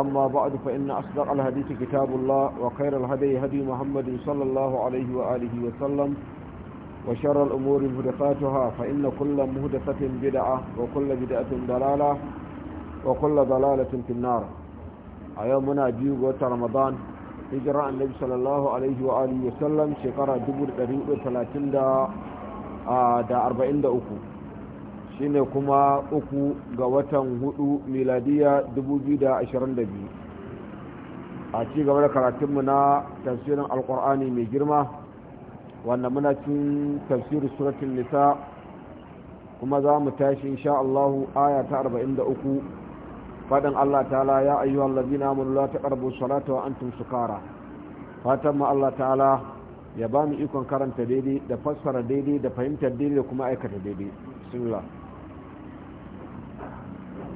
أما بعد فإن أصدق الحديث كتاب الله وخير الهدي هدي محمد صلى الله عليه وآله وسلم وشر الأمور مهدفاتها فإن كل مهدفة بدعة وكل بدعة ضلالة وكل ضلالة في النار أيامنا جيوب رمضان هجرة النبي صلى الله عليه وآله وسلم شكرا جبر قريب ثلاثين دا, دا أربعين دا أكو shine kuma uku ga watan hudu miladiya 2022 a ci gaba da karatunmu na tafsirin alkur'ani mai girma wanda muna cin tafsirin suratun nisa kuma za mu tashi insha Allahu aya ta 43 fadin Allah ta'ala ya ayyuhal ladina amanu la taqrabu salata wa antum sukara fatan mu Allah ta'ala ya ba mu ikon karanta daidai da fassara daidai da fahimtar daidai da kuma aikata daidai bismillah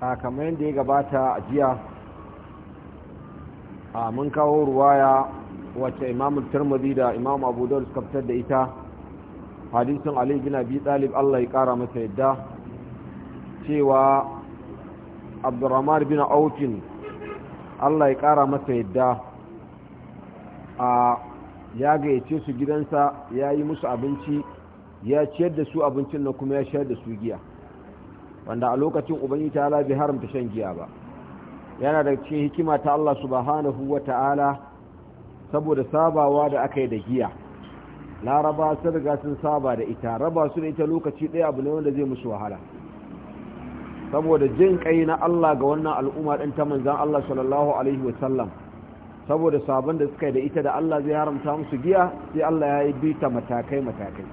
a kamar yadda ya gabata a jiya a mun kawo ruwaya wacce imamun turmadi da imam abu da da ita hadisun ali na biyu talib allah ya kara masa yadda cewa abdurrahman bin aukin allah ya kara masa yadda a ya gayyace su gidansa ya yi musu abinci ya ciyar da su abincin na kuma ya shayar da su giya wanda a lokacin ubangiji ta'ala bai haramta shan giya ba yana da cikin hikima ta Allah subhanahu wa ta'ala saboda sabawa da aka yi da giya laraba sun riga sun saba da ita raba su da ita lokaci ɗaya abu ne wanda zai musu wahala saboda jin kai na Allah ga wannan al'umma ɗin ta manzan Allah sallallahu alaihi wa sallam saboda sabon da suka yi da ita da Allah zai haramta musu giya sai Allah ya yi bita matakai matakai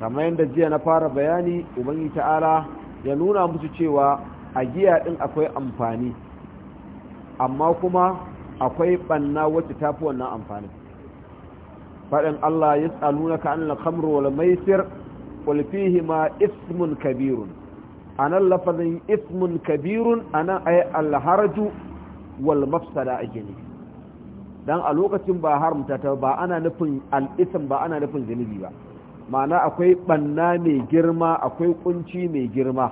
kamar yadda jiya na fara bayani ubangi ta'ala ya nuna musu cewa a giya din akwai amfani amma kuma akwai banna wacce ta fi wannan amfani faɗin Allah ya tsaluna ka an lakamru wal maisir wal ma ismun kabirun nan lafazin ismun kabirun nan ayi alharaju wal mafsada ake ne dan a lokacin ba haramta ta ba ana nufin al'isan ba ana nufin zunubi ba ma'ana akwai banna mai girma akwai kunci mai girma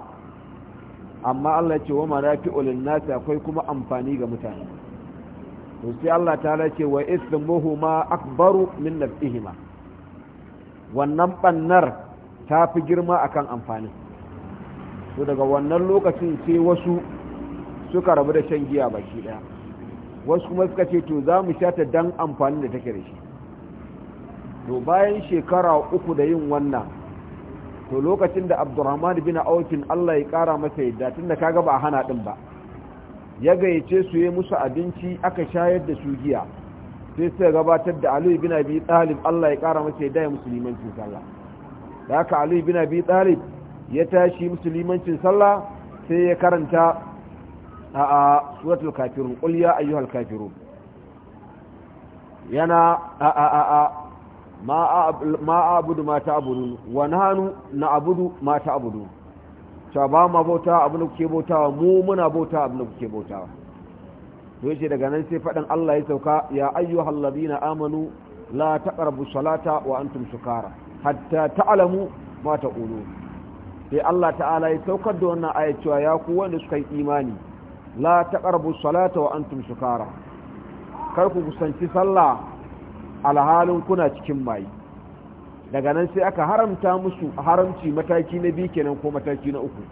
amma Allah ce wa marafi'u nasi akwai kuma amfani ga mutane to sai Allah ta ce wa ma akbaru min nafihima wannan bannar ta fi girma akan amfani to daga wannan lokacin sai wasu suka rabu da shan giya baki daya wasu kuma suka ce to za mu sha ta dan amfanin da take da shi to bayan shekara uku da yin wannan to lokacin da abdurrahman bin aukin allah ya kara masa yadda tun da kaga ba a hana din ba ya gayyace su yi musu abinci aka shayar da su giya sai suka gabatar da aliyu bin abi talib allah ya kara masa yadda ya musulmancin sallah da haka aliyu bin abi talib ya tashi musulmancin sallah sai ya karanta a suratul kafirun qul ya ayyuhal kafirun yana a a a ma abudu ma ta abudu wa hannu na abudu ma ta abudu ta ba ma bauta abin da kuke bautawa mu muna bauta abin da kuke bautawa to yace daga nan sai fadan Allah ya sauka ya ayyuhal ladina amanu la taqrabu salata wa antum sukara hatta ta'lamu ma taqulun sai Allah ta'ala ya saukar da wannan ayyacewa cewa ya ku wanda suka yi imani la taqrabu salata wa antum sukara kar ku kusanci sallah alhalin kuna cikin mayi daga nan sai aka haramta musu haramci mataki na biyu kenan ko mataki na uku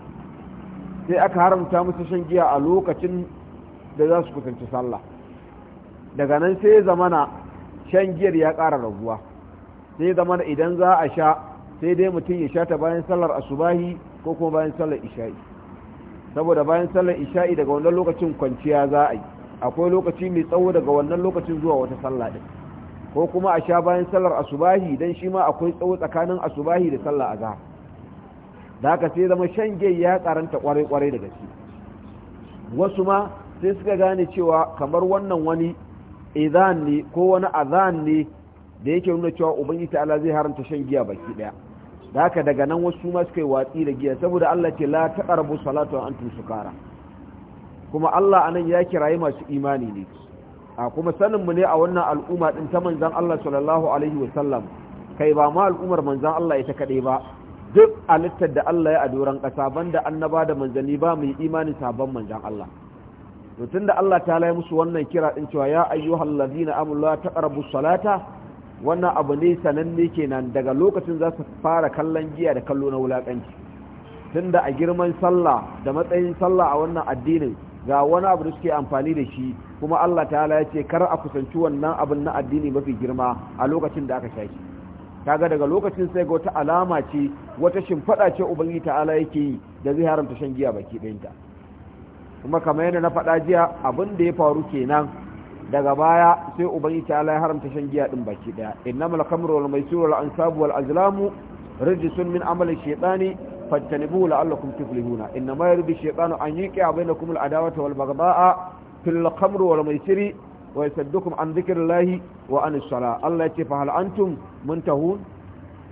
sai aka haramta musu shan giya a lokacin da za su kusanci sallah daga nan sai zamana shan giyar ya ƙara raguwa sai zamana idan za a sha sai dai mutum ya sha ta bayan sallar asubahi ko kuma bayan sallar isha'i saboda bayan sallar isha'i daga wannan lokacin kwanciya za a yi akwai lokaci mai tsawo daga wannan lokacin zuwa wata sallah ko kuma a sha bayan sallar asubahi don shi ma akwai tsawo tsakanin asubahi da sallar azhar da haka sai zama shan giya ya tsaranta kwarai-kwarai daga gaske wasu ma sai suka gane cewa kamar wannan wani idan ne ko wani azan ne da yake nuna cewa ubangiji ta'ala zai haranta shan giya baki daya da haka daga nan wasu ma suka yi watsi da giya saboda Allah ce la taqrabu salatu an tusukara kuma Allah anan ya kirayi masu imani ne a kuma mu ne a wannan al'umma din ta manzan Allah sallallahu alaihi wasallam kai ba ma al'ummar manzan Allah ita kaɗai ba duk alittar da Allah ya adoran ƙasa banda annaba da manzanni ba mu yi imanin sabon manzan Allah to tunda Allah ta laye musu wannan kira din cewa ya ayyuhal ladina amanu la taqrabu salata wannan abu ne sananne kenan daga lokacin za su fara kallon giya da kallo na wulakanci tunda a girman sallah da matsayin sallah a wannan addinin ga wani abu da suke amfani da shi kuma Allah ta'ala ya ce kar a kusanci wannan abin na addini mafi girma a lokacin da aka shaki kaga daga lokacin sai ga wata alama ce wata shimfiɗa ce ubangiji ta'ala yake yi da zai haramta shan giya baki ɗayanta kuma kamar yadda na faɗa jiya abin da ya faru kenan daga baya sai ubangiji ta'ala ya haramta shan giya din baki ɗaya innamal khamru wal maisir wal ansabu wal azlamu rijsun min amali shaytani fattanibuhu la'allakum tuflihuna innama yuridu shaytanu an yuqi'a bainakum al adawata wal baghdha'a fil khamr mai shiri wa yasaddukum an dhikrillahi wa an sala Allah yace fa hal antum muntahun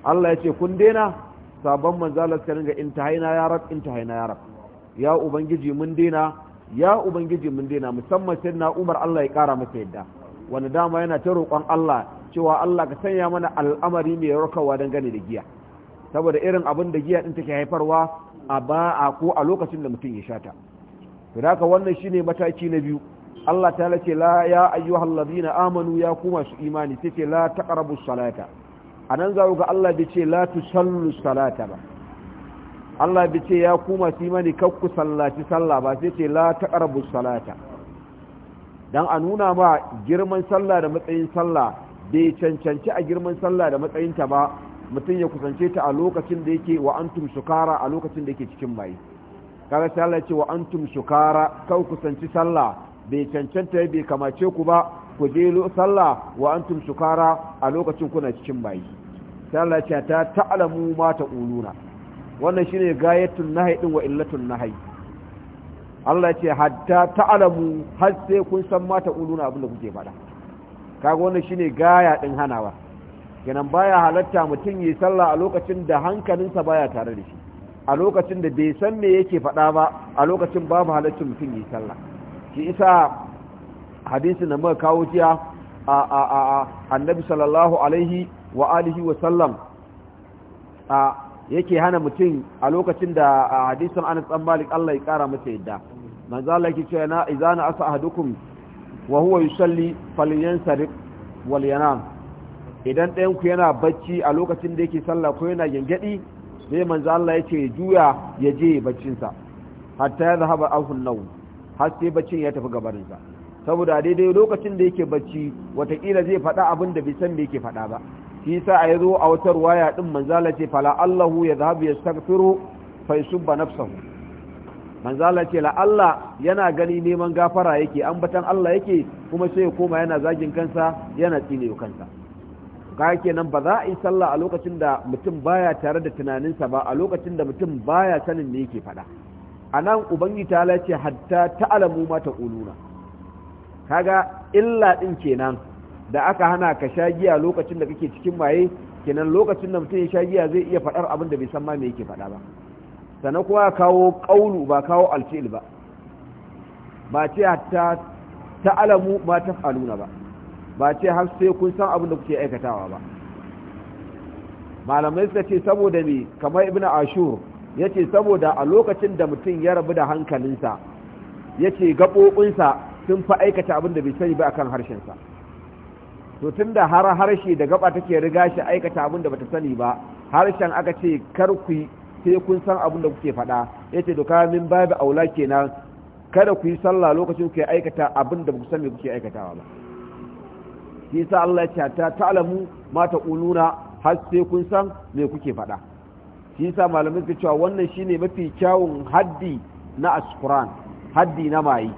Allah yace kun daina sabon manzalar ka ringa intahaina ya rab intahaina ya rab ya ubangiji mun daina ya ubangiji mun daina musamman sai Umar Allah ya kara masa yadda wani dama yana ta roƙon Allah cewa Allah ka sanya mana al'amari mai rakawa gani da giya saboda irin abin da giya din take haifarwa a ba'a ko a lokacin da mutum ya shata don haka wannan shine mataki na biyu Allah ta lace la ya ayyuhal ladina amanu ya kuma su imani sai ce la taqrabu salata anan za ga Allah bai ce la tusallu salata ba Allah bai ce ya kuma su imani kakku sallaci sallah ba sai ce la taqrabu salata dan a nuna ma girman sallah da matsayin sallah bai cancanci a girman salla da matsayinta ba mutum ya kusance ta a lokacin da yake wa antum sukara a lokacin da yake cikin mai kaga sai Allah ya ce wa antum sukara kau kusanci sallah bai cancanta bai kamace ku ba ku je sallah wa antum sukara a lokacin kuna cikin bayi sai Allah ya ce ta ta'lamu ma ta'uluna wannan shine gayatun nahyi din wa illatun nahyi Allah ya ce hatta ta'lamu har sai kun san ma ta'uluna abin da kuke faɗa kaga wannan shine gaya din hanawa kenan baya halatta mutum yi sallah a lokacin da hankalinsa baya tare da shi a lokacin da bai san me yake faɗa ba a lokacin babu halaccin mutum yi sallah shi isa hadisi na muka kawo jiya a a a annabi sallallahu alaihi wa alihi wa sallam a yake hana mutum a lokacin da hadisin Anas dan Malik Allah ya kara masa yadda manzo Allah yake cewa na izana asa ahadukum wa huwa yusalli falyansarif wal yanam idan ɗayan ku yana bacci a lokacin da yake sallah ko yana gyangyaɗi sai manzo Allah yace juya ya je baccin sa hatta ya zahaba ahun nau har sai baccin ya tafi gabarin sa saboda daidai lokacin da yake bacci watakila zai faɗa abin da bai san me yake faɗa ba shi yasa a yazo a wata ruwaya din manzo Allah ce fala Allahu yadhhabu yastaghfiru fa yusubba nafsahu manzo Allah ce la Allah yana gani neman gafara yake batan Allah yake kuma sai ya koma yana zagin kansa yana tsine kansa ga kenan ba za a yi sallah a lokacin da mutum baya tare da tunaninsa ba a lokacin da mutum baya sanin me yake faɗa a nan ubangi ta ce hatta ta'alamu mata uluna kaga illa ɗin kenan da aka hana ka sha giya lokacin da kake cikin maye kenan lokacin da mutum ya sha giya zai iya faɗar abin da bai san ma me yake faɗa ba sannan kuma ya kawo ƙaunu ba kawo alfil ba ba ce hatta ta'alamu ma aluna ba ba ce har sai kun san abin da kuke aikatawa ba malamai suka ce saboda ne kamar ibn ashur ya ce saboda a lokacin da mutum ya rabu da hankalinsa ya ce gaɓoɓinsa sun fi aikata abin da bai sani ba akan harshensa to tun da har harshe da gaba take riga shi aikata abin da bata sani ba harshen aka ce kar ku sai kun san abin da kuke faɗa yace ce doka min babu aula kenan kada ku yi sallah lokacin ku aikata abin da ba ku sani kuke aikatawa ba shi yasa Allah ya ce ta ta'lamu ma taquluna har sai kun san me kuke faɗa shi yasa malamin ke cewa wannan shine mafi kyawun haddi na askuran haddi na mayi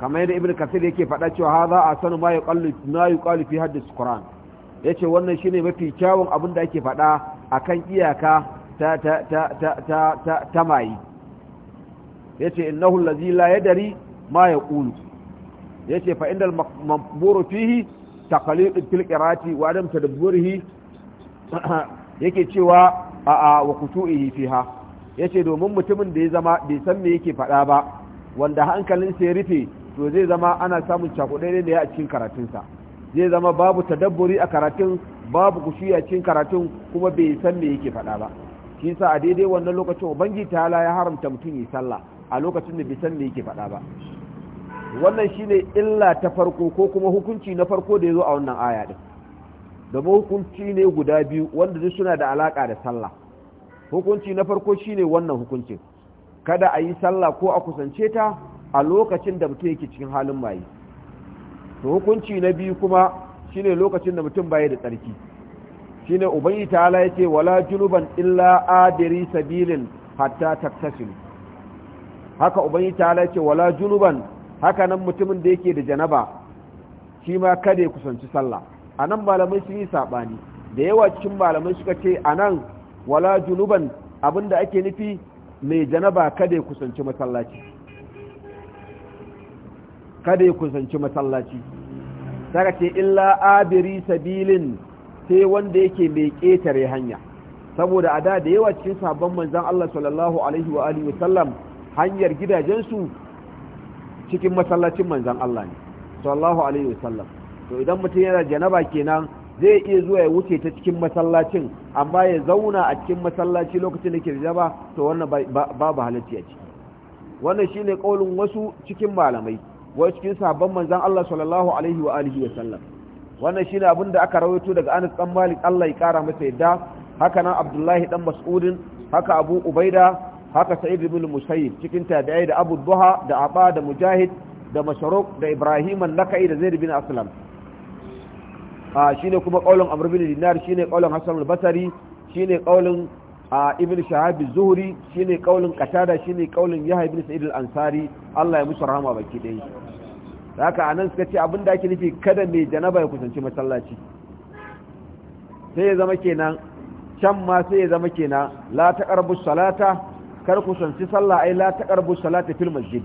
kamar yadda ibnu kasir yake faɗa cewa za a sanu ma yuqallu na yuqalu fi haddi askuran yace wannan shine mafi kyawun abin da ake faɗa akan iyaka ta ta ta ta ta ta, mayi yace innahu allazi la yadri ma yaqulu yace fa indal maburu fihi taqlid fil qirati wa adam tadabburihi yake cewa a a wa kutu'ihi fiha yace domin mutumin da ya zama bai san me yake faɗa ba wanda hankalin sai rufe to zai zama ana samun cakuɗe ne a cikin karatunsa zai zama babu tadabburi a karatun babu kushiya cikin karatun kuma bai san me yake faɗa ba shi yasa a daidai wannan lokacin ubangi ta ya haramta mutum ya sallah a lokacin da bai san me yake faɗa ba wannan shine illa ta farko ko kuma hukunci na farko da ya zo a wannan aya din domin hukunci ne guda biyu wanda duk suna da alaƙa da sallah hukunci na farko shine wannan hukuncin kada a yi sallah ko a kusance ta a lokacin da mutum yake cikin halin maye to hukunci na biyu kuma shine lokacin da mutum baya da tsarki shine ubangi ta'ala yace wala junuban illa adiri sabilin hatta taktasilu haka ubangi ta'ala yake wala junuban haka nan mutumin da yake da janaba shi ma kada ya kusanci sallah a nan malamai sun yi saɓani da yawa cikin malamai suka ce a nan wala junuban da ake nufi mai janaba kada ya kusanci masallaci kada ya kusanci masallaci saka ce illa abiri sabilin sai wanda yake mai ƙetare hanya saboda a da da yawa cikin sabon manzan Allah sallallahu alaihi wa alihi hanyar gidajensu cikin masallacin manzan Allah ne sallallahu alaihi wasallam to idan mutum yana janaba kenan zai iya zuwa ya wuce ta cikin masallacin amma ya zauna a cikin masallaci lokacin da ke janaba to wannan babu halittu a ciki wannan shine kaulin wasu cikin malamai wasu cikin sahabban manzan Allah sallallahu alaihi wa alihi wasallam wannan shine abin da aka rawaito daga Anas dan Malik Allah ya kara masa yadda haka nan Abdullahi dan Mas'udin haka Abu Ubaida haka sa'id ibn musayyib cikin tabi'ai da abu duha da aba da mujahid da masharuk da ibrahim an-nakai da zaid bin aslam a shine kuma kaulin amr bin dinar shine kaulin hasan al-basri shine kaulin ibn shahab az-zuhri shine kaulin qatada shine kaulin yahya ibn sa'id al-ansari Allah ya musu rahama baki dai haka anan suka ce abinda ake nufi kada mai janaba ya kusanci masallaci sai ya zama kenan can ma sai ya zama kenan la taqrabu salata kar ku sanci sallah ai la taqrabu salata fil masjid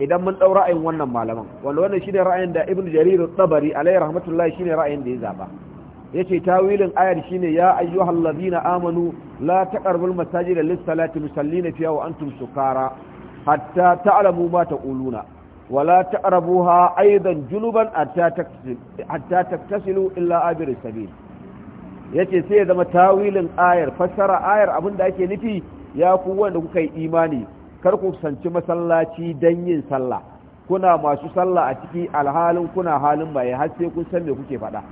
idan mun dau ra'ayin wannan malaman wanda wannan shine ra'ayin da ibnu jarir at-tabari alayhi rahmatullahi shine ra'ayin da ya zaba yace tawilin ayar shine ya ayyuhallazina amanu la taqrabul masajida lis-salati musallina fiha wa antum sukara hatta ta'lamu ma taquluna wa la taqrabuha aidan junuban hatta taktasilu illa abir sabil yace sai ya zama tawilin ayar fassara ayar abinda ake nufi ya ku wanda kuka yi imani kar ku sanci masallaci don yin sallah kuna masu sallah a ciki alhalin kuna halin baye har sai kun san me kuke faɗa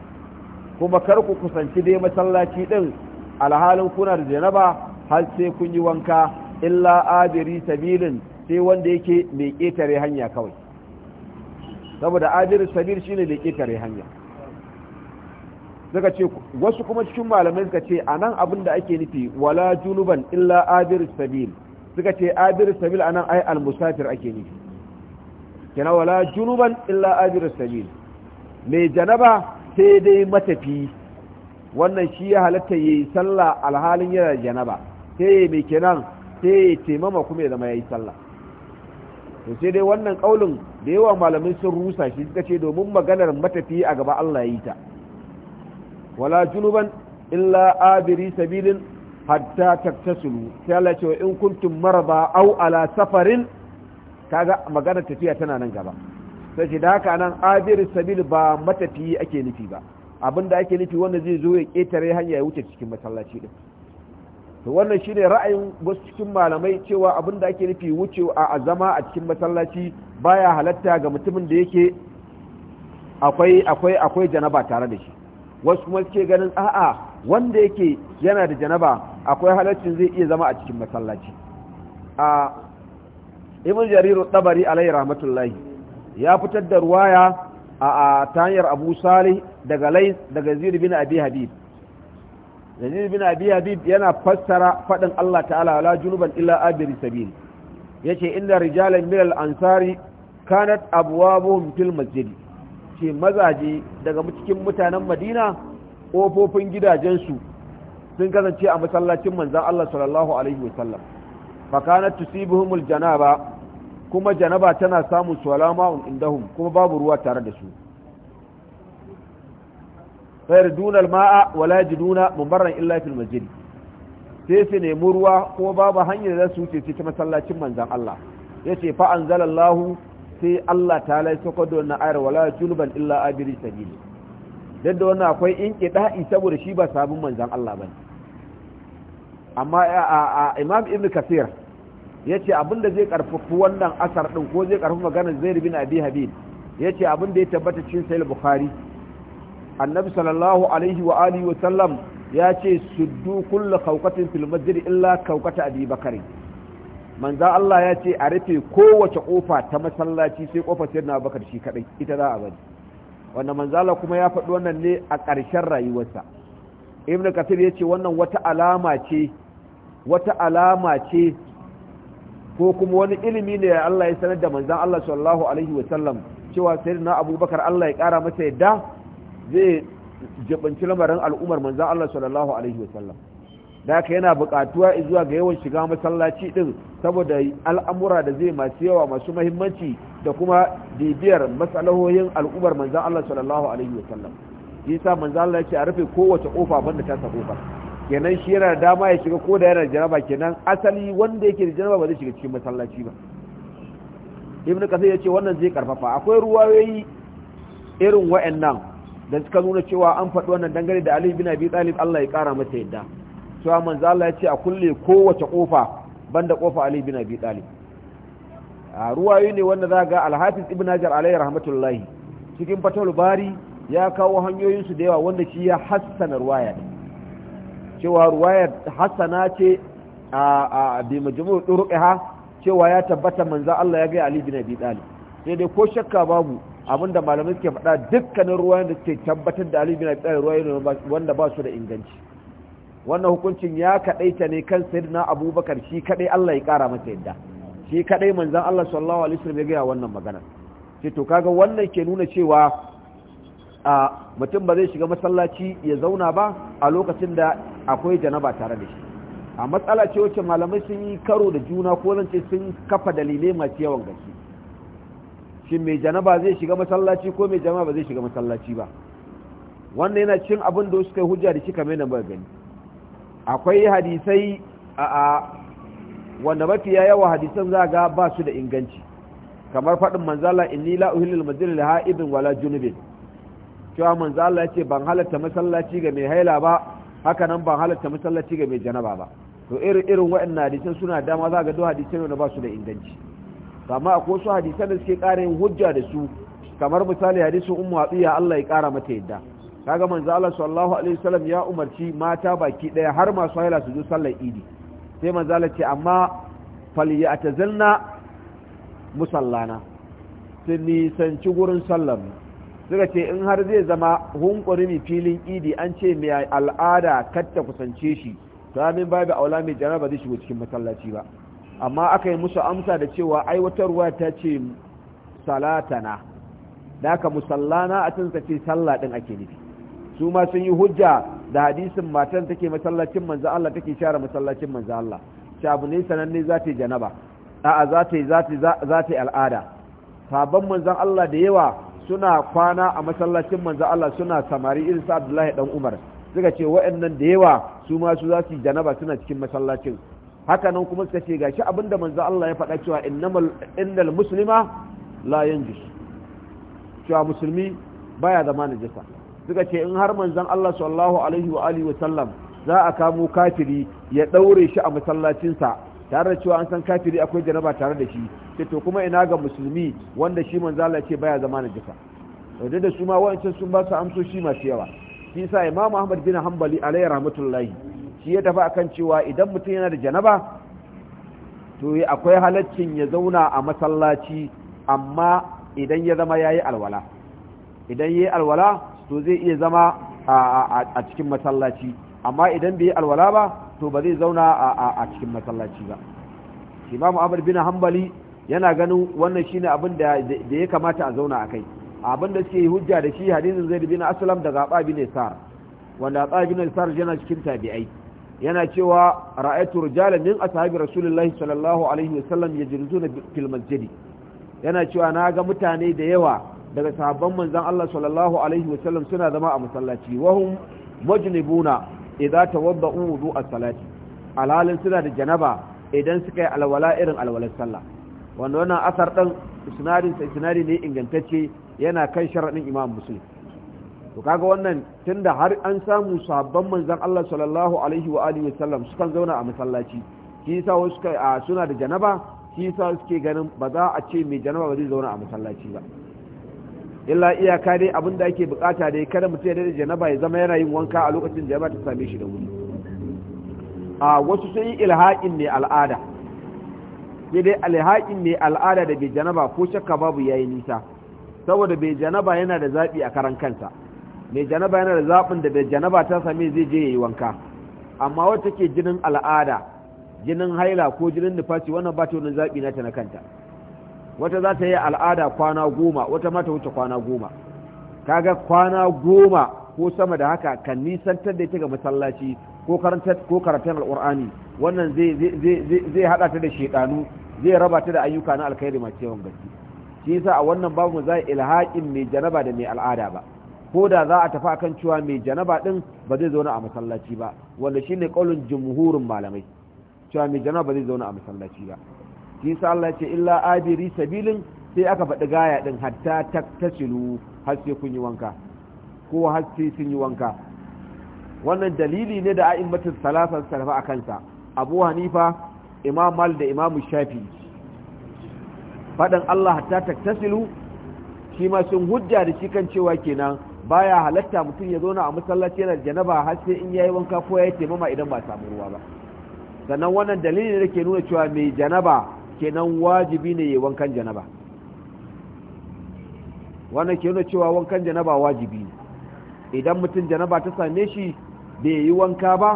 kuma kar ku kusanci dai masallaci din alhalin kuna da janaba har sai kun yi wanka illa abiri sabilin sai wanda yake mai ƙetare hanya kawai saboda abiri sabil shine mai ƙetare hanya suka ce wasu kuma cikin malamai suka ce a nan abin da ake nufi wala junuban illa adir sabil suka ce adir sabil a nan ai musafir ake nufi kana wala junuban illa adir sabil mai janaba sai dai matafi wannan shi ya halatta yayi sallah alhalin yana janaba sai mai kenan sai ya taimama kuma ya zama yayi sallah to sai dai wannan kaulin da yawa malamai sun rusa shi suka ce domin maganar matafi a gaba Allah ya yi ta wala junuban illa abiri sabilin hatta taktasilu sai Allah ce in kuntum marada aw ala safarin kaga magana tafiya tana nan gaba sai shi da haka nan abiri sabil ba matafiyi ake nufi ba abinda ake nufi wanda zai zo ya ketare hanya ya wuce cikin masallaci din to wannan shine ra'ayin wasu cikin malamai cewa abin da ake nufi wucewa a azama a cikin masallaci baya halatta ga mutumin da yake akwai akwai akwai janaba tare da shi wasu kuma suke ganin a'a wanda yake yana da janaba akwai halaccin zai iya zama a cikin masallaci a ibn jariru tabari alayhi rahmatullahi ya fitar da ruwaya a ta hanyar abu salih daga lai daga zir bin abi habib zir bin abi habib yana fassara fadin Allah ta'ala la junuban illa abiri sabil yace inna rijalan min al ansari kanat abwabuhum fil masjidi ce mazaje daga cikin mutanen madina ƙofofin gidajensu sun kasance a masallacin manzan Allah sallallahu alaihi wasallam fakanat tusibuhumul janaba kuma janaba tana samun salama indahum kuma babu ruwa tare da su fayar dunar ma'a wala jiduna mubarran illa fil sai su nemi ruwa kuma babu hanyar da su ce ta masallacin manzan Allah ya ce fa anzalallahu sai Allah ta lai sakwado na ayar wala junuban illa abiri sabili duk da wannan akwai in kida'i saboda shi ba sabon manzan Allah bane amma a Imam Ibn Kathir yace abin da zai karfafu wannan asar din ko zai karfafa maganar Zaid bin Abi Habib yace abin da ya tabbata cikin Sahih Bukhari Annabi sallallahu alaihi wa alihi wa sallam yace suddu kullu khawqatin fil masjid illa khawqata Abi Bakari manzan Allah ya ce a rufe kowace kofa ta masallaci sai kofar na abubakar shi kadai ita za a bari wanda manzala kuma ya faɗi wannan ne a ƙarshen rayuwarsa ibn kasir ya ce wannan wata alama ce wata alama ce ko kuma wani ilimi ne da Allah ya sanar da manzan Allah sallallahu alaihi wa sallam cewa sayyidina abubakar Allah ya kara masa yadda zai jibanci lamarin al'ummar manzan Allah sallallahu alaihi wa sallam da aka yana buƙatuwa zuwa ga yawan shiga masallaci din saboda al'amura da zai masu yawa masu mahimmanci da kuma bibiyar matsalahohin al'ubar manzan Allah sallallahu alaihi wa sallam sa manzan Allah yake a rufe kowace kofa banda ta sa kofa kenan shi yana da dama ya shiga ko da yana jaraba kenan asali wanda yake da jaraba ba zai shiga cikin masallaci ba ibn kasir ya ce wannan zai karfafa akwai ruwayoyi irin wa'annan da suka nuna cewa an faɗi wannan dangane da Ali bin Abi Talib Allah ya kara masa yadda cewa manzo Allah ya ce a kulle kowace kofa banda kofa Ali bin Abi Talib a ruwayi ne wanda za ga Al-Hafiz Ibn Hajar alayhi rahmatullahi cikin Fathul Bari ya kawo hanyoyin su da yawa wanda shi ya hassana ruwaya cewa ruwayar hassana ce a bi majmu'u turuqiha cewa ya tabbata manzo Allah ya ga Ali bin Abi Talib sai dai ko shakka babu abinda malamai suke faɗa dukkanin ruwayan da suke tabbatar da Ali bin Abi Talib ne wanda ba su da inganci wannan hukuncin ya kaɗaita ne kan sayyidina abubakar shi kadai Allah ya ƙara masa yadda shi kaɗai manzan Allah sallallahu alaihi wasallam ya gaya wannan magana ce to kaga wannan ke nuna cewa a mutum ba zai shiga masallaci ya zauna ba a lokacin da akwai janaba tare da shi a matsala ce wacce malamai sun yi karo da juna ko zan ce sun kafa dalilai masu yawan gaske shi mai janaba zai shiga masallaci ko mai jama'a ba zai shiga masallaci ba wannan yana cin abin da suka yi hujja da shi kamar yadda gani akwai hadisai a wanda mafiya yawa hadisan za ga ba su da inganci kamar faɗin manzala inni la uhillul masjid da ha'ibin wala junubin cewa manzala ya ce ban halatta masallaci ga mai haila ba hakanan ban halatta masallaci ga mai janaba ba to irin irin waɗannan hadisan suna dama za ga duk hadisan wanda ba su da inganci amma akwai wasu hadisan da suke ƙara yin hujja da su kamar misali hadisin ummu hadiya Allah ya ƙara mata yadda kaga manzo Allah sallallahu alaihi wasallam ya umarci mata baki daya har masu haila su zo sallar idi sai manzo Allah ce amma falyatazalna musallana sun nisanci gurin sallar suka ce in har zai zama hunkurimi filin idi an ce mai al'ada katta kusance shi to samin babu aula mai ba zai shigo cikin masallaci ba amma aka yi musu amsa da cewa aiwatarwa ta ce salatana da aka musallana a tun ce sallah din ake nufi su ma sun yi hujja da hadisin matan take masallacin manzo Allah take share masallacin manzo Allah ta abu ne sananne za ta yi janaba a'a za ta yi za ta yi al'ada sabon manzon Allah da yawa suna kwana a masallacin manzo Allah suna samari irin sa Abdullahi dan Umar suka ce waɗannan da yawa su ma su za yi janaba suna cikin masallacin haka nan kuma suka ce gashi abinda manzo Allah ya faɗa cewa innamal innal muslima la yanjus cewa musulmi baya zama najasa suka ce in har manzon Allah sallallahu alaihi wa alihi wa sallam za a kamo kafiri ya daure shi a masallacinsa tare da cewa an san kafiri akwai janaba tare da shi ce to kuma ina ga musulmi wanda shi manzo Allah ce baya zama na jika to da su ma wancan sun ba su amso shi masu yawa shi sa Imam Ahmad bin Hanbali alayhi rahmatullahi shi ya tafi akan cewa idan mutum yana da janaba to akwai halaccin ya zauna a masallaci amma idan ya zama yayi alwala idan yayi alwala to zai iya zama a cikin masallaci amma idan bai yi alwala ba to ba zai zauna a cikin masallaci ba imamu amr bin hambali yana ganin wannan shine abin da ya kamata a zauna a kai abin da suke hujja da shi hadisin zaid bin aslam daga aba bin sar wanda aba bin sar yana cikin tabi'ai yana cewa ra'aytu rijalan min ashabi rasulullahi sallallahu alaihi wasallam yajluzuna fil masjid yana cewa na ga mutane da yawa daga sahabban manzon Allah sallallahu alaihi wasallam suna zama a masallaci wahum majnibuna idza tawadda'u wudu as-salati alhalin suna da janaba idan suka yi alwala irin alwalar sallah wanda wannan asar din isnadin sai isnadi ne ingantacce yana kan sharadin imam muslim to kaga wannan tunda har an samu sahabban manzon Allah sallallahu alaihi wa alihi wasallam sukan zauna a masallaci shi yasa wasu suna da janaba shi yasa suke ganin ba za a ce mai janaba ba zai zauna a masallaci ba illa iyaka dai abin da ake bukata dai kada mutum ya da janaba ya zama yana yin wanka a lokacin janaba ta same shi da wuri a wasu sun yi ilhaƙin ne al'ada sai dai alhaƙin ne al'ada da bai janaba ko shakka babu yayi nisa saboda bai janaba yana da zaɓi a karan kansa mai janaba yana da zaɓin da bai janaba ta same zai je ya yi wanka amma wata ke jinin al'ada jinin haila ko jinin nufaci wannan ba ta wani zaɓi na ta na kanta wata za ta yi al'ada kwana goma wata mata wuce kwana goma kaga kwana goma ko sama da haka kan nisantar da ita ga masallaci ko karatun al'ur'ani wannan zai haɗa ta da shaidanu zai raba ta da ayyuka na alkhairi masu yawan gaske shi yasa a wannan babu za ilhaƙin mai janaba da mai al'ada ba ko da za a tafi akan cewa mai janaba din ba zai zauna a masallaci ba wanda shine kaulin jumhurin malamai cewa mai janaba ba zai zauna a masallaci ba shi sa Allah ce illa abiri sabilin sai aka faɗi gaya ɗin hatta taktasilu har sai kun yi wanka ko har sai sun yi wanka wannan dalili ne da a'immatul salafan salafa a kansa abu hanifa imam mal da imam shafi faɗin Allah hatta taktasilu shi ma sun hujja da shi kan cewa kenan baya halatta mutum ya zauna a masallaci yana janaba har sai in yayi wanka ko ya yi taimama idan ba samu ruwa ba sannan wannan dalili ne da ke nuna cewa mai janaba kenan wajibi ne ya wankan janaba wannan ke nuna cewa wankan janaba wajibi ne idan mutum janaba ta same shi bai yi wanka ba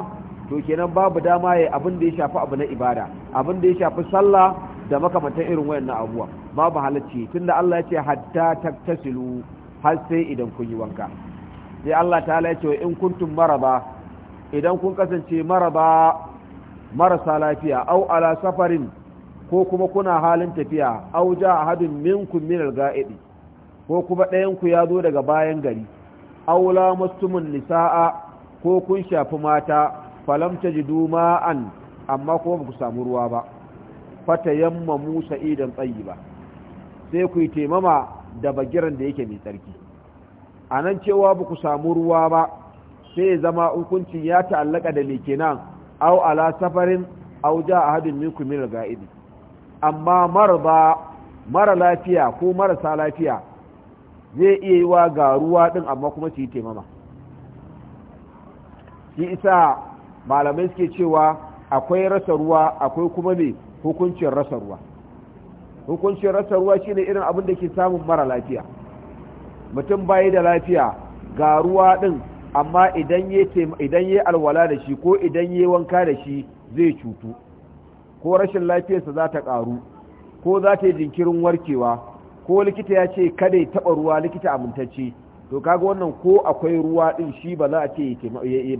to kenan babu dama ya abin da ya shafi abu na ibada abin da ya shafi sallah da makamantan irin wayannan abuwa babu halacci da Allah ya ce hatta taktasilu har sai idan kun yi wanka sai Allah ta ya ce in kuntum maraba idan kun kasance maraba marasa lafiya au ala safarin ko kuma kuna halin tafiya auja ahadun minkum min al-ga'idi ko kuma ɗayan ku ya zo daga bayan gari aula mustumun nisaa ko kun shafi mata falam tajidu ma'an amma ko ba ku samu ruwa ba yamma musa idan ba, sai ku yi taimama da bagiran da yake mai tsarki a nan cewa ba ku samu ruwa ba sai zama hukuncin ya ta'allaka da mai kenan au ala safarin au ja ahadun minkum min al-ga'idi amma marba mara lafiya ko marasa lafiya zai iya yi wa ga ruwa ɗin amma kuma su yi taimama shi isa malamai suke cewa akwai rasa ruwa akwai kuma ne hukuncin rasa ruwa hukuncin rasa ruwa shine irin abin da ke samun mara lafiya mutum bayi da lafiya ga ruwa ɗin amma idan ya alwala da shi ko idan ya wanka da shi zai cutu ko rashin lafiyarsa za ta ƙaru ko za ta yi jinkirin warkewa ko likita ya ce kada ya taɓa ruwa likita amintacce to kaga wannan ko akwai ruwa ɗin shi ba za a ce ba yi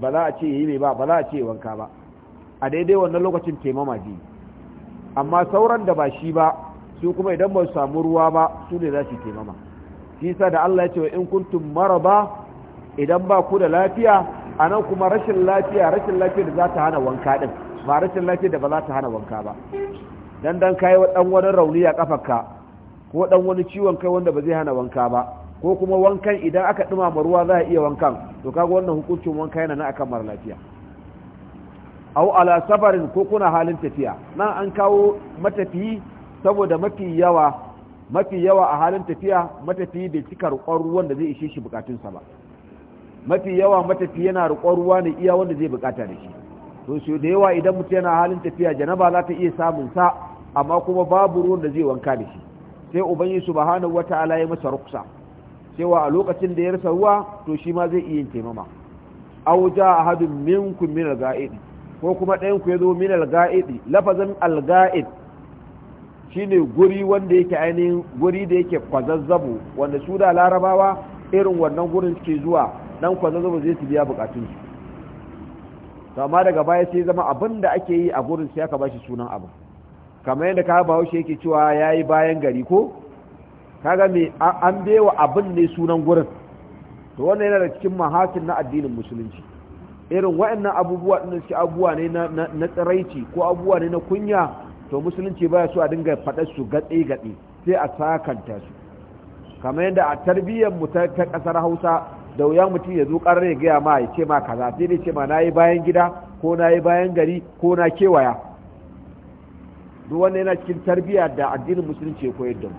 mai ba ba za a ce wanka ba a daidai wannan lokacin taimama ji amma sauran da ba shi ba su kuma idan ba su samu ruwa ba su ne za su taimama shi sa da Allah ya ce wa in kuntum maraba idan ba ku da lafiya anan kuma rashin lafiya rashin lafiya da za ta hana wanka ɗin ba lafi lafiya da ba za ta hana wanka ba dan dan kai dan wani rauni a kafarka ko dan wani ciwon kai wanda ba zai hana wanka ba ko kuma wankan idan aka dumama ruwa za a iya wankan to kaga wannan hukuncin wanka yana na akan mara lafiya au ala safarin ko kuna halin tafiya nan an kawo matafiyi saboda mafi yawa mafi yawa a halin tafiya matafiyi bai cika rukon ruwan da zai ishe shi bukatunsa ba mafi yawa matafi yana rukon ruwa ne iya wanda zai bukata da shi to su da yawa idan mutum yana halin tafiya janaba za ta iya samun sa amma kuma babu ruwan da zai wanka da shi sai ubangi subhanahu wata'ala ya masa ruksa cewa a lokacin da ya rasa ruwa to shi ma zai iya taimama aw ja ahadun minkum min al ko kuma ɗayan ku yazo min al-ga'id lafazan al-ga'id shine guri wanda yake ainihin guri da yake kwazazzabo wanda su da larabawa irin wannan gurin suke zuwa dan kwazazzabo zai su biya bukatunsu to amma daga baya sai zama abin da ake yi a gurin sai aka bashi sunan abu kamar yadda ka ba haushe yake cewa ya yi bayan gari ko kaga me an bewa abin ne sunan gurin to wannan yana da cikin mahakin na addinin musulunci irin waɗannan abubuwa ɗin abubuwa ne na tsiraici ko abubuwa ne na kunya to musulunci baya so a dinga faɗa su gatse gade sai a sakanta su kamar yadda a tarbiyyar mu ta ƙasar Hausa da wuya mutum ya zo ƙarar ya gaya ma ya ce ma kaza sai dai ce ma na yi bayan gida ko na yi bayan gari ko na kewaya duk wanda yana cikin tarbiyya da addinin musulunci ya koyar da mu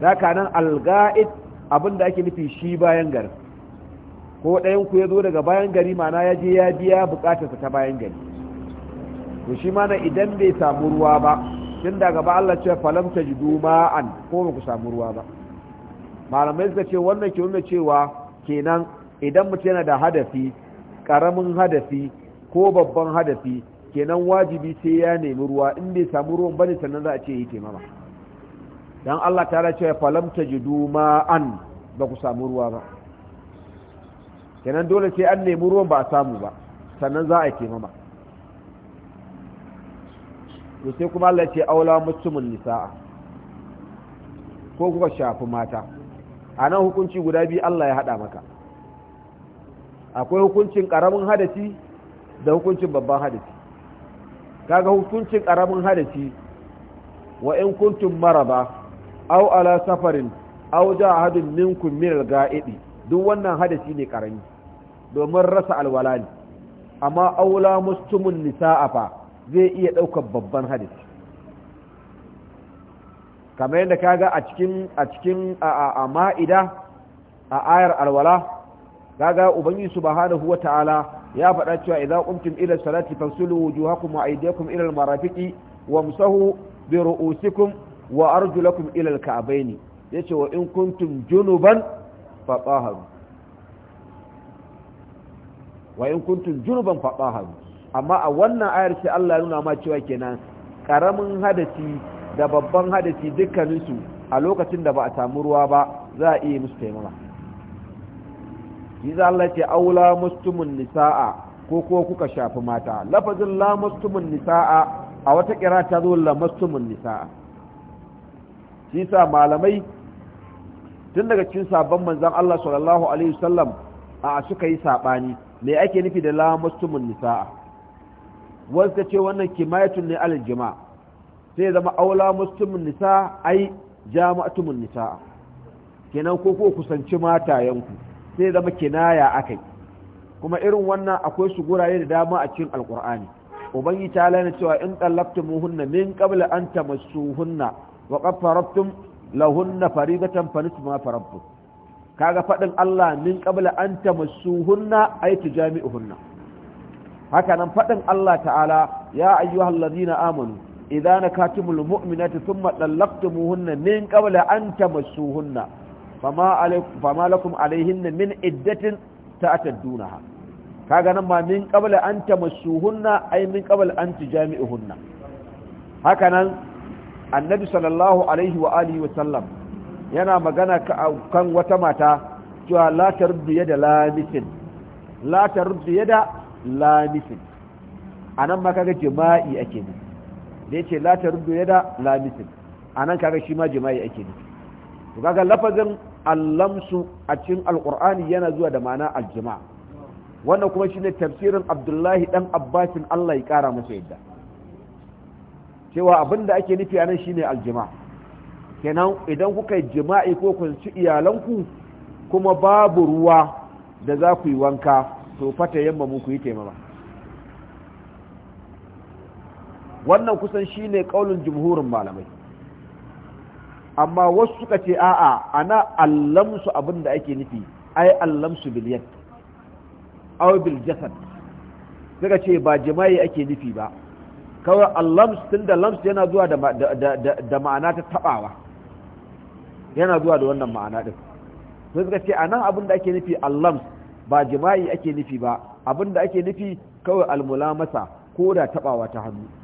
da ka nan alga'id abin da ake nufi shi bayan gari ko ɗayan ku ya zo daga bayan gari mana ya je ya biya bukatarsa ta bayan gari to shi mana idan bai samu ruwa ba tun daga ba Allah ce falam ta ji duma'an ko ba ku samu ruwa ba malamai suka ce wannan ke nuna cewa kenan idan mutum yana da hadafi karamin hadafi ko babban hadafi kenan wajibi sai ya nemi ruwa in bai samu ruwan bane sannan za a ce yi taimama dan Allah ta ce falam tajidu ma'an ba ku samu ruwa ba kenan dole sai an nemi ruwan ba a samu ba sannan za a yi taimama to sai kuma Allah ce aula mutumin nisa'a ko kuka shafi mata a nan hukunci guda biyu Allah ya haɗa maka akwai hukuncin ƙaramin hadasi da hukuncin babban hadasi kaga hukuncin ƙaramin hadasi wa in kuntum maraba aw ala safarin aw ja hadin minkum min al-ga'idi duk wannan hadasi ne karami domin rasa alwala ne amma aula mustumun nisa'a fa zai iya ɗaukar babban hadisi kamar yadda kaga a cikin a cikin a ma'ida a ayar alwala kaga ubangi subhanahu ta'ala ya faɗa cewa idza qumtum ila salati fasulu wujuhakum wa aydiyakum ila al-marafiqi wamsahu bi ru'usikum wa arjulakum ila al-ka'bayn yace wa in kuntum junuban fatahharu wa in kuntum junuban fatahharu amma a wannan ayar sai Allah ya nuna ma cewa kenan karamin hadasi da babban hadasi dukkaninsu a lokacin da ba a samu ruwa ba za a iya musu taimama yiza Allah ce aula mustumun nisa'a ko ko kuka shafi mata lafazin la mustumun nisa'a a wata kira ta zo la mustumun nisa'a shi sa malamai tun daga cikin sabon manzon Allah sallallahu alaihi wasallam a suka yi sabani me ake nufi da la mustumun nisa'a wanda ce wannan kimayatun ne al sai zama aula muslimun nisa ai jama'atumun nisa kenan ko ko kusanci mata yanku sai zama kinaya akai kuma irin wannan akwai su gurare da dama a cikin alkur'ani ubangi ta lana cewa in tallaqtumuhunna min qabla an tamassuhunna wa qad lahunna faridatan fa ma kaga fadin Allah min qabla an tamassuhunna ay tujami'uhunna haka nan fadin Allah ta'ala ya ayyuhallazina amanu idza nakatumul mu'minati thumma dallaqtumuhunna min qabla an tamassuhunna fama alaykum fama lakum alayhinna min iddatin ta'tadunaha kaga nan ma min qabla an tamassuhunna ay min qabla an tujami'uhunna haka nan annabi sallallahu alaihi wa alihi wa sallam yana magana kan wata mata cewa la tarbi yada misin la tarbi yada misin anan ma kaga jima'i ake nufi da yake la taruddu yada la mithl anan kaga shi ma jima'i ake nufi to kaga lafazin allamsu a cikin alkur'ani yana zuwa da ma'ana aljima' wannan kuma shine tafsirin Abdullahi dan Abbasin Allah ya kara masa yadda cewa abinda ake nufi anan shine aljima' kenan idan kuka yi jima'i ko ku ci iyalanku kuma babu ruwa da za ku yi wanka to fata yamma mu ku yi taimama wannan kusan shi ne ƙaunin jimhurin malamai amma wasu suka ce a'a ana allamsu abin da ake nufi ai allamsu bil au bil jasad suka ce ba jima'i ake nufi ba kawai allams tun da lams yana zuwa da ma'ana ta tabawa yana zuwa da wannan ma'ana din sai suka ce anan abin da ake nufi allams ba jima'i ake nufi ba abin da ake nufi kawai almulamasa ko da tabawa ta hannu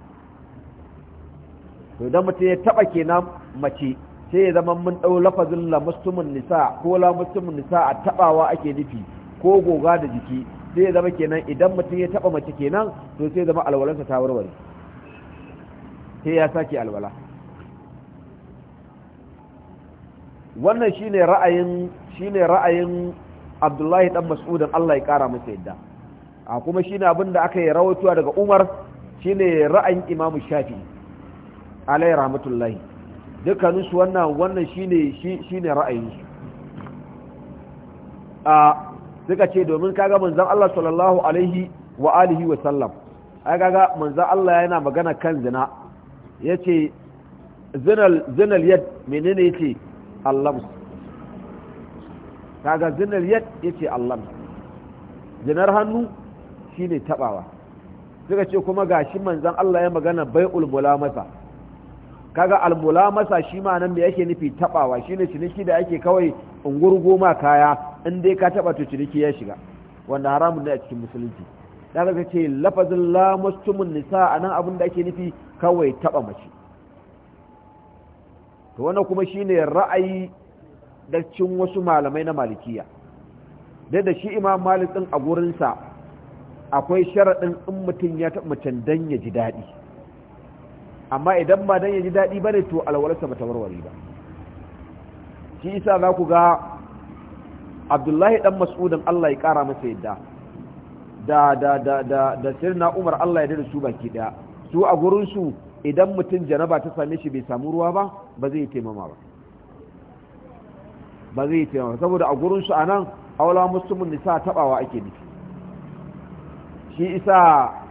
to idan mutum ya taba kenan mace sai ya zama mun dau lafazin la muslimun nisa ko la muslimun nisa a tabawa ake nufi ko goga da jiki sai ya zama kenan idan mutum ya taba mace kenan to sai ya zama alwalansa ta warware sai ya saki alwala wannan shine ra'ayin shine ra'ayin Abdullahi dan Mas'udin Allah ya kara masa yadda a kuma shine abin da aka yi rawatuwa daga Umar shine ra'ayin Imam Shafi'i alai rahmatullahi dukkaninsu wannan wannan shine shine ra'ayinsu a suka ce domin kaga manzon Allah sallallahu alaihi wa alihi wa sallam ai kaga manzon Allah yana magana kan zina yace zinal zinal yad menene yace Allah kaga zinal yad yace Allah zinar hannu shine tabawa suka ce kuma gashi manzon Allah ya magana bai'ul bulamata kaga albula masa shi ma nan da yake nufi tabawa shine ciniki da ake kawai ungurgo ma kaya in dai ka taba to ciniki ya shiga wanda haramun ne a cikin musulunci daga ka ce lafazin mustumun nisa a nan abin da ake nufi kawai taba mace to wanda kuma shine ra'ayi da cin wasu malamai na malikiya dai da shi imam malik din a gurinsa akwai sharaɗin in mutum ya taɓa macen dan ya ji daɗi amma idan ba dan ya ji daɗi ba ne to alwalarsa ba ta warware ba shi isa za ku ga abdullahi dan mas'udin allah ya ƙara masa yadda da da da da da sirna umar allah ya dada su baki ɗaya su a gurinsu idan mutum janaba ta same shi bai samu ruwa ba ba zai taimama ba ba zai taimama saboda a gurinsu a nan aula musulmin nisa taɓawa ake nufi shi isa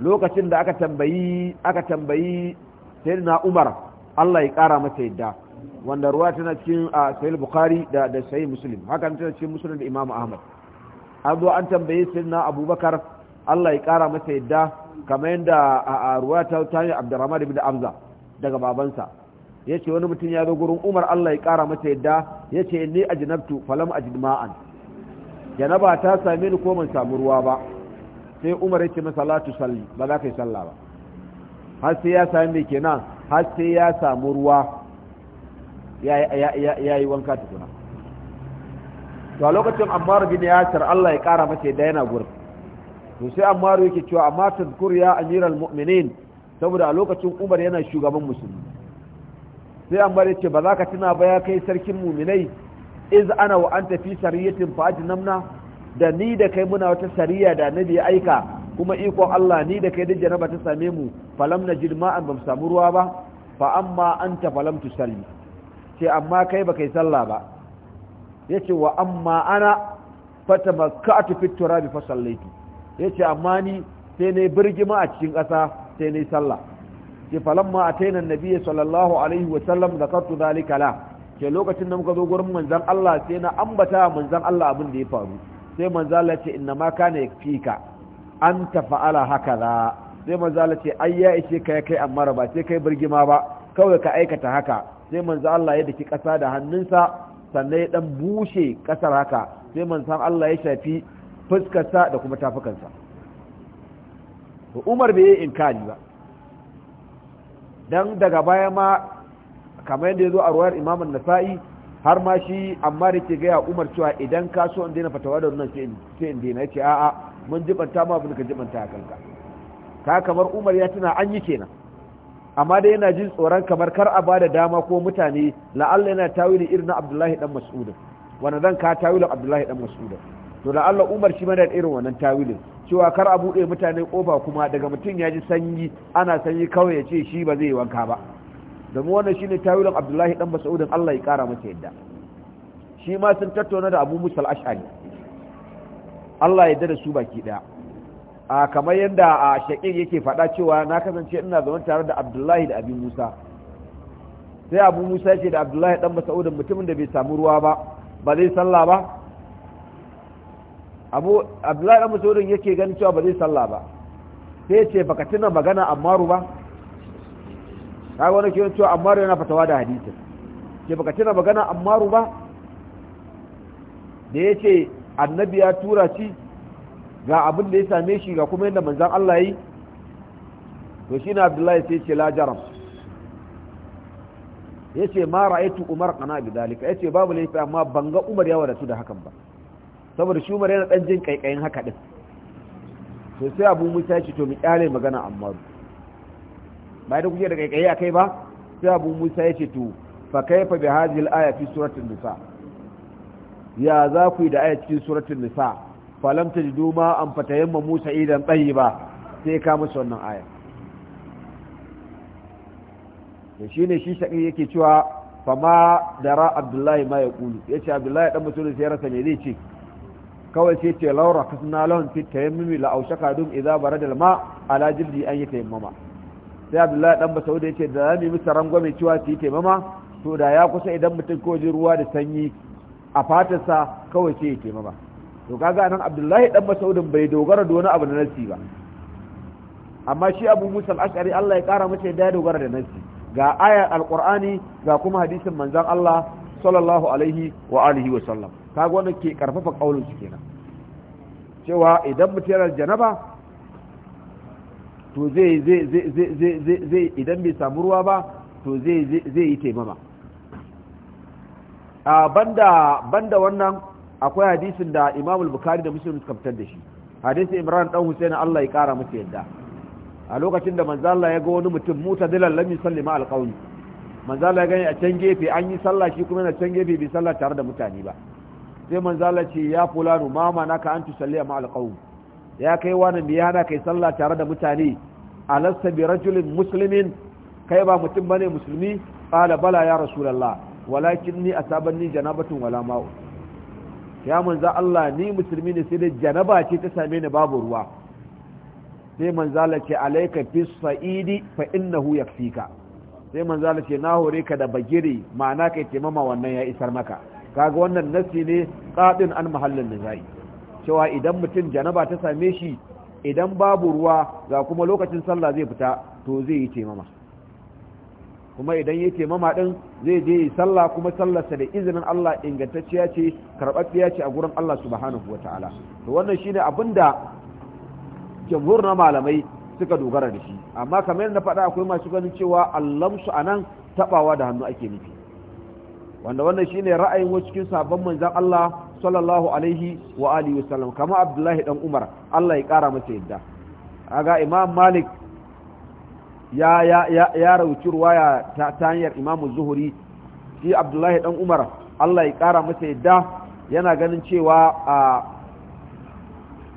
lokacin da aka tambayi aka tambayi sayyidina Umar Allah ya kara masa yadda wanda ruwa tana cikin sahih Bukhari da da sahih Muslim haka tana cikin Muslim da Imam Ahmad an an tambayi sayyidina Abubakar Allah ya kara masa yadda kamar yadda a ruwa ta tani Abdurrahman ibn Amza daga babansa yace wani mutum ya zo gurin Umar Allah ya kara masa yadda yace inni ajnabtu falam ajid ma'an janaba ta same ni ko ban samu ruwa ba sai umar yake masa latu salli ba za ka yi sallah ba har sai ya sami mai kenan har sai ya samu ruwa ya yi wanka tukuna to a lokacin ammaru bin yasir Allah ya kara mace da yana gurin to sai ammaru yake cewa amma tazkur ya amiral mu'minin saboda a lokacin umar yana shugaban musulmi sai ammaru yake ba za ka tuna ba ya kai sarkin muminai iz ana wa anta fi sariyatin fa namna. da ni da kai muna wata sariya da ni bai aika kuma ikon Allah ni da kai duk janaba ta same mu falam najid ma'an bam samu ruwa ba fa amma anta falam tusalli ce amma kai ba kai sallah ba yace wa amma ana fata makatu fit turabi fa sallaitu yace amma ni sai ne birgima a cikin ƙasa sai ne sallah ce ma ataina annabiyyi sallallahu alaihi wa sallam zakartu zalika la ke lokacin da muka zo gurin manzon Allah sai na ambata manzon Allah abin da ya faru sai manzala ce inna ma kana yakfika an haka hakaza sai manzala ce ai ya ishe ka kai amma ba sai kai birgima ba kawai ka aikata haka sai manzo Allah ya daki kasa da hannunsa sannan ya dan bushe kasar haka sai manzo Allah ya shafi fuskarsa da kuma tafukansa Umar bai yi inkari ba dan daga baya ma kamar yadda ya zo a ruwayar Imam An-Nasa'i har ma shi amma da ke gaya umar cewa idan ka so in daina fatawa da wannan sai in daina ce a'a mun jibanta ma abin ka jibanta a kanka ka kamar umar ya tuna an yi kenan amma dai yana jin tsoron kamar kar a bada dama ko mutane la'alla yana tawili irin na abdullahi dan mas'udin wanda zan ka tawilin abdullahi dan mas'udin to la'alla umar shi mana irin wannan tawilin cewa kar a buɗe mutane kofa kuma daga mutum ya ji sanyi ana sanyi kawai ya ce shi ba zai yi wanka ba domin wannan ne tawilin abdullahi dan mas'udin Allah ya kara masa yadda shi ma sun tattauna da abu musul ashari Allah ya da su baki daya a kamar yadda a shaƙin yake faɗa cewa na kasance ina zama tare da abdullahi da abin musa sai abu musa ce da abdullahi dan mas'udin mutumin da bai samu ruwa ba ba zai sallah ba abu abdullahi dan mas'udin yake ganin cewa ba zai sallah ba sai ya ce baka tuna magana amma ba? ka wani ke cewa ammaru yana fatawa da hadisin ke baka tana magana ammaru ba da ya ce annabi ya tura shi ga abin da ya same shi ga kuma yadda manzan Allah yi to shi na abdullahi sai ce lajaram ya ce ma ra'aitu umar kana bi dalika ya ce babu laifi amma ban ga umar ya wadatu da hakan ba saboda shi umar yana dan jin kaikayin haka din to sai abu musa ya ce to mu kyale magana ammaru ba da kuke da kaikayi a kai ba sai abu musa ya ce to fa kaifa bi hadhihi al-aya fi suratul nisa ya za ku yi da aya cikin suratul nisa lam tajidu ma an fatayamma musa idan tayyiba sai ka musu wannan aya to shine shi shaki yake cewa fama dara abdullahi ma ya yace abdullahi dan mutum sai rasa me zai ce kawai sai ce laura kasna lahun fi tayammumi la aushaka dum idza barada al-ma ala jildi an yatayammama sai abdullahi dan basaudi ya ce da zamu yi musu rangwame cewa su yi taimama to da ya kusa idan mutum kawai ruwa da sanyi a fatarsa kawai sai ya taimama to kaga nan abdullahi dan masaudin bai dogara da wani abu da nasi ba amma shi abu musa Allah ya kara mace da ya dogara da nasi ga ayar alqur'ani ga kuma hadisin manzon Allah sallallahu alaihi wa alihi wa sallam kaga wannan ke karfafa kaulin su kenan cewa idan mutum yana janaba to zai zai zai zai idan bai samu ruwa ba to zai zai yi taimama a banda banda wannan akwai hadisin da Imam al-Bukhari da Muslim suka fitar da shi hadisin Imran dan Husaini Allah ya kara masa yadda a lokacin da manzo ya ga wani mutum mutadilan lam yusallima al ma'al manzo Allah ya gani a can gefe an yi sallah shi kuma yana can gefe bai sallah tare da mutane ba sai manzo Allah ce ya fulanu ma ma naka an tusalliya ma al-qawm ya kai wani me ya kai sallah tare da mutane alasta bi rajulin muslimin kai ba mutum bane musulmi qala bala ya rasulullah walakinni asabanni janabatun wala ma'u ya manza Allah ni musulmi ne sai da janaba ce ta same ni babu ruwa sai manza Allah ce alayka bis sa'idi fa innahu yakfika sai manza Allah ce na hore ka da bagire ma'ana kai taimama wannan ya isar maka kaga wannan nasi ne qadin an mahallin nizai cewa idan mutum janaba ta same shi idan babu ruwa ga kuma lokacin sallah zai fita to zai yi taimama kuma idan ya taimama din zai je yi sallah kuma sallarsa da izinin Allah ingantacciya ce karɓaɓɓiya ce a gurin Allah subhanahu wa ta'ala to wannan shine abin da jamhur na malamai suka dogara da shi amma kamar yadda faɗa akwai masu ganin cewa allamsu nan tabawa da hannu ake nufi wanda wannan shine ra'ayin wasu cikin sabon manzon Allah sallallahu alaihi wa alihi wasallam kama abdullahi dan umar Allah ya kara masa yadda kaga imam malik ya ya ya ya rawuci ruwaya ta hanyar imam zuhuri shi abdullahi dan umar Allah ya kara masa yadda yana ganin cewa a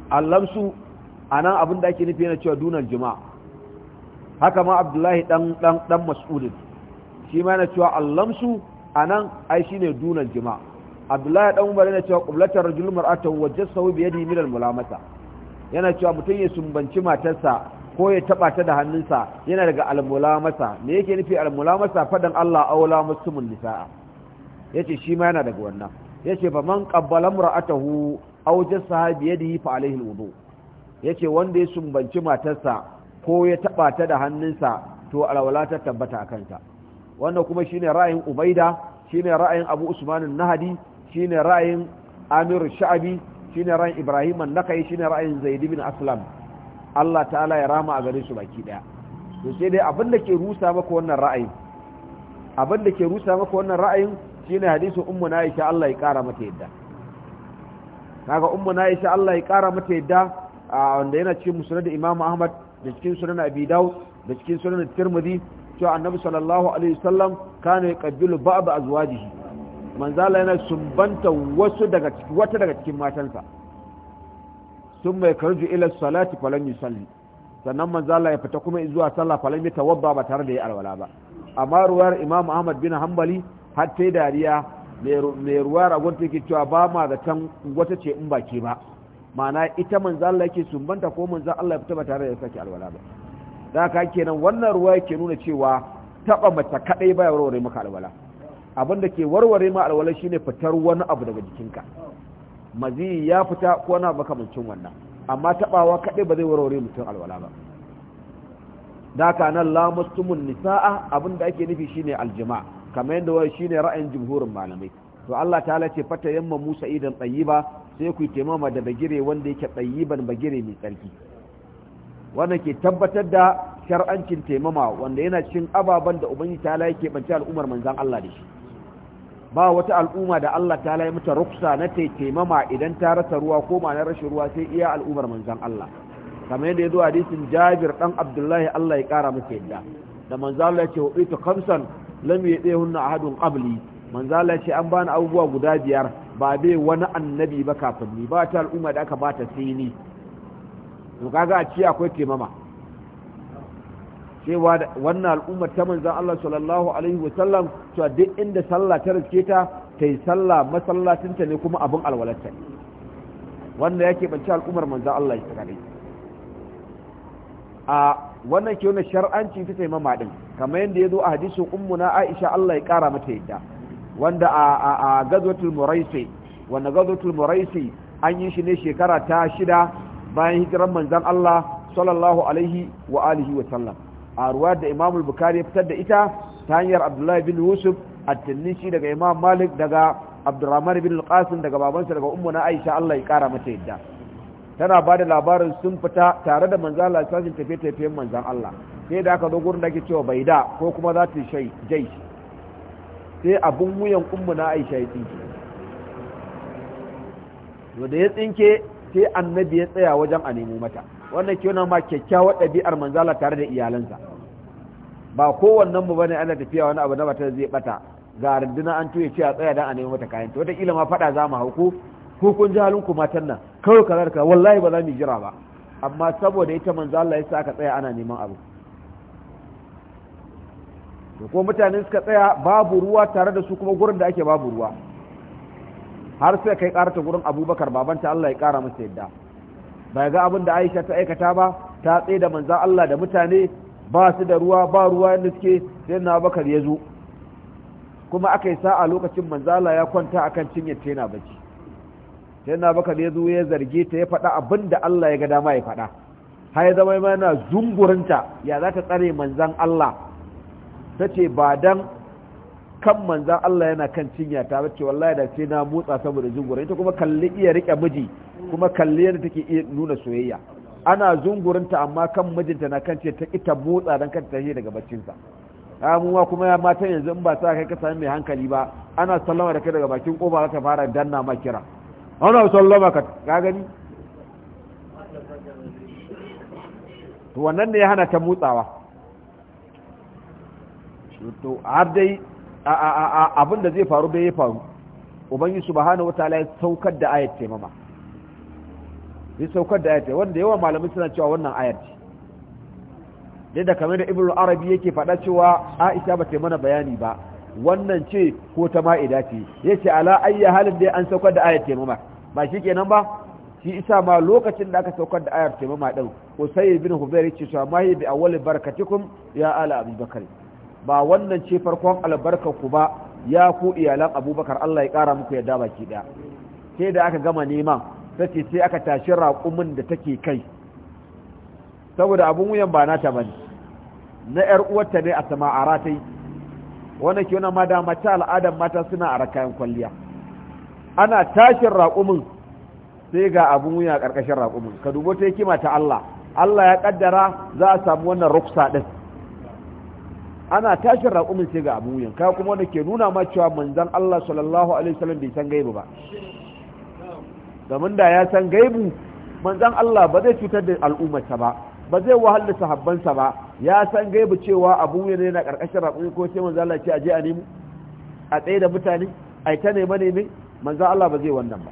allamsu anan abin da ake nufi na cewa dunan juma'a haka ma abdullahi dan dan dan mas'udin shi ma yana cewa allamsu anan ai shine dunan juma'a abdullahi dan umar yana cewa qublatar rajul mar'ata wa jassahu bi yadihi min al-mulamasa yana cewa mutum ya sumbanci matarsa ko ya taba ta da hannunsa yana daga al-mulamasa me yake nufi al-mulamasa fadan Allah aula muslimun nisaa yace shi ma yana daga wannan yace fa man qabbala mar'atahu aw jassaha bi yadihi fa alayhi al-wudu yace wanda ya sumbanci matarsa ko ya taba ta da hannunsa to alwala ta tabbata ta wannan kuma shine ra'ayin ubaida shine ra'ayin abu usman an-nahdi shine ra'ayin amir Sha'bi shine ra'ayin ibrahim an-nakai shine ra'ayin zaid ibn aslam Allah ta'ala ya rama a gare su baki daya to sai dai abin da ke rusa maka wannan ra'ayin abin da ke rusa maka wannan ra'ayin shine hadisin ummu Aisha Allah ya kara mata yadda kaga ummu Aisha Allah ya kara mata yadda wanda yana cikin musnad Imam Ahmad da cikin sunan Abi Dawud da cikin sunan Tirmidhi cewa Annabi sallallahu alaihi wasallam kana yaqabbilu ba'd azwajihi manzala yana sumbanta wasu daga wata daga cikin matansa sun mai karju ila salati falan yi salli sannan manzala ya fita kuma zuwa sallah falan yi tawabba ba tare da ya alwala ba amma ruwar imam ahmad bin hanbali har ta dariya mai ruwar a gwamnati ke cewa ba ma da can wata ce in baki ba ma'ana ita manzala yake sumbanta ko manzala allah ya fita ba tare da ya sake alwala ba da haka kenan wannan ruwa yake nuna cewa taba mace kaɗai ba ya warware maka alwala abin da ke warware ma alwala shine fitar wani abu daga jikinka mazi ya fita ko na makamancin wannan amma tabawa kaɗai ba zai warware mutum alwala ba da ka nan mustumun nisa'a abin da ake nufi shine aljima kamar yadda wani shine ra'ayin jumhurin malamai to Allah ta ce fata yamma Musa idan tayyiba sai ku taimama da bagire wanda yake tayyiban bagire mai tsarki wannan ke tabbatar da shar'ancin taimama wanda yana cin ababen da ubangiji ta yake bance al'ummar manzan Allah da shi ba wata al'umma da Allah ta lai mata ruksa na taimama idan ta rasa ruwa ko ma na rashin ruwa sai iya al'ummar manzan Allah kamar yadda ya zo hadisin Jabir dan Abdullahi Allah ya kara masa yadda da manzon Allah ya ce waitu khamsan lam a ahadun qabli manzon Allah ya ce an bani abubuwa guda biyar ba bai wani annabi ba kafin ni ba ta al'umma da aka bata sai ni to kaga a ci akwai taimama cewa wannan al'ummar ta manzan Allah sallallahu alaihi sallam cewa duk inda sallah ta riske ta ta yi sallah masallacinta ne kuma abin alwalarta wanda yake banci al'ummar manzan Allah ya kare a wannan ke wani shar'anci ta taimama din kamar yadda ya zo a hadisin ummuna Aisha Allah ya kara mata yadda wanda a a gazwatul muraisi wanda gazwatul muraisi an yi shi ne shekara ta shida bayan hijiran manzan Allah sallallahu alaihi wa alihi wa sallam a ruwa da imamul bukari ya fitar da ita ta hanyar abdullahi bin yusuf at-tillishi daga imam malik daga abdurrahman bin al-qasim daga babansa daga ummu na aisha Allah ya kara mata yadda tana ba da labarin sun fita tare da manzan Allah tafiye-tafiyen manzan Allah sai da aka zo gurin da ake cewa bai da ko kuma za ta shai jai sai abin wuyan ummu na aisha ya tsinke da ya tsinke sai annabi ya tsaya wajen a nemo mata wannan ke ma kyakkyawar ɗabi'ar manzala tare da iyalansa ba kowannen mu bane ana tafiya wani abu na bata zai bata ga rinduna an tuye cewa tsaya dan a nemi mata kayan ta wataƙila ma faɗa za mu hauku ko kun ji halin ku matan nan kawai ka ka wallahi ba za mu jira ba amma saboda ita manzo Allah ya sa aka tsaya ana neman abu to ko mutane suka tsaya babu ruwa tare da su kuma gurin da ake babu ruwa har sai kai karata gurin abubakar babanta Allah ya kara masa yadda ba ga abin da aisha ta aikata ba ta tsaye da manzan Allah da mutane ba su da ruwa ba ruwa yadda suke sai na bakar ya zo kuma aka yi sa'a lokacin manzala ya kwanta akan ta yana bacci sai na bakar ya zo ya zarge ta ya faɗa abin da Allah ya ga dama ya faɗa har ya zama mana zungurinta ya za ta tsare manzan Allah ta ce ba dan kan manzan Allah yana kan cinya ta bace wallahi da sai na motsa saboda zungura ita kuma kalli iya rike miji kuma kalle yadda take iya nuna soyayya ana zungurinta amma kan mijinta na kan ce ta ita motsa don kan tashi daga baccinsa amuwa kuma ya matan yanzu in ba sa kai ka sami mai hankali ba ana sallama da kai daga bakin kofa ka fara danna ma kira ana sallama ka ka gani to wannan ne ya hana ta motsawa to har dai abin da zai faru bai ya faru ubangiji subhanahu wataala ya saukar da ayat taimama bi saukar da ayata wanda yawan malamai suna cewa wannan ayar ce da kamar da ibnu arabi yake faɗa cewa aisha ba ta mana bayani ba wannan ce ko ta ma'ida ce yace ala ayya halin da an saukar da ayar taimama ba shi kenan ba shi isa ma lokacin da aka saukar da ayar taimama din usayy bin hubayr yace cewa mahi bi awwal barakatikum ya ala abubakar ba wannan ce farkon albarkar ku ba ya ku iyalan abubakar Allah ya kara muku yadda baki daya sai da aka gama neman ta ce sai aka tashi raƙumin da take kai saboda abin wuyan ba nata bane na yar uwarta ne a sama a ratai wanda ke wani mada mata al'adar mata suna a rakayen kwalliya ana tashin raƙumin sai ga abin wuya ƙarƙashin raƙumin ka dubo ta kima ta Allah Allah ya ƙaddara za a samu wannan ruksa ɗin ana tashin raƙumin sai ga abin wuyan ka kuma wanda ke nuna ma cewa manzan Allah sallallahu alaihi wasallam bai san gaibu ba domin da ya san gaibu manzon Allah ba zai cutar da al'ummarsa ba ba zai wahala sahabbansa ba ya san gaibu cewa abu ne na karkashin raƙumi ko sai manzon Allah ce a je a nemi a tsaye da mutane a ta nema nemi manzon Allah ba zai wannan ba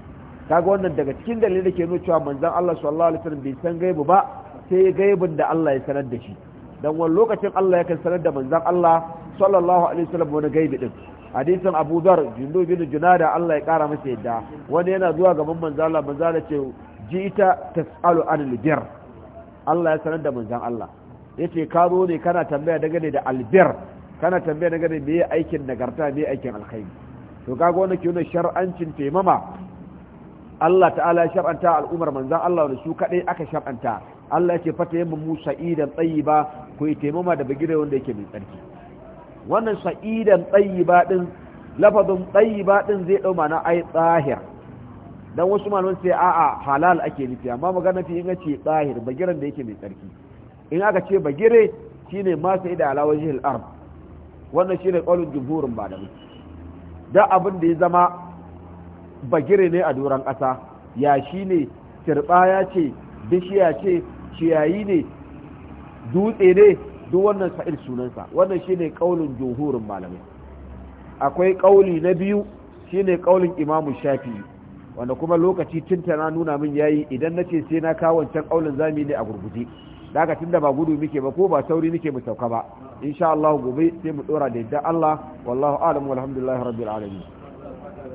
kaga wannan daga cikin dalilin da ke nuna cewa manzon Allah sallallahu alaihi wasallam bai san gaibu ba sai gaibun da Allah ya sanar da shi dan wani lokacin Allah ya kan sanar da manzon Allah sallallahu alaihi wasallam wani gaibi din hadisin abu zar jundu bin junada Allah ya kara masa yadda wani yana zuwa gaban Manzala Allah ce ji ita tasalu anil bir Allah ya sanar da Manzan Allah yace ka zo ne kana tambaya daga ne da albir kana tambaya daga ne me aikin nagarta me aikin alkhairi to kaga wannan ke nuna shar'ancin taimama Allah ta'ala ya shar'anta al'umar Manzan Allah wani su kadai aka shar'anta Allah ya ce fata yamma musa idan tsayiba ku yi taimama da bagire wanda yake mai tsarki wannan sa'idan tsayi din lafazin tsayi din zai ɗau mana ai tsahir dan wasu malaman sai a'a halal ake nufi amma magana fi in ce tsahir bagiran da yake mai tsarki in aka ce bagire shine ma sai da alawajihil ard wannan shine qaulul jumhurin ba da abin da ya zama bagire ne a doron ƙasa yashi ne ya ce bishiya ce ciyayi ne dutse ne duk wannan sunan sunansa wannan shine kaulin jumhurin malamai akwai kauli na biyu shine kaulin imamu shafi wanda kuma lokaci tinta na nuna min yayi idan na ce sai na kawo wancan kaulin zami ne a gurguje daga da ba gudu muke ba ko ba sauri muke mu sauka ba insha Allah gobe sai mu dora da yadda Allah wallahu a'lam walhamdulillahi rabbil alamin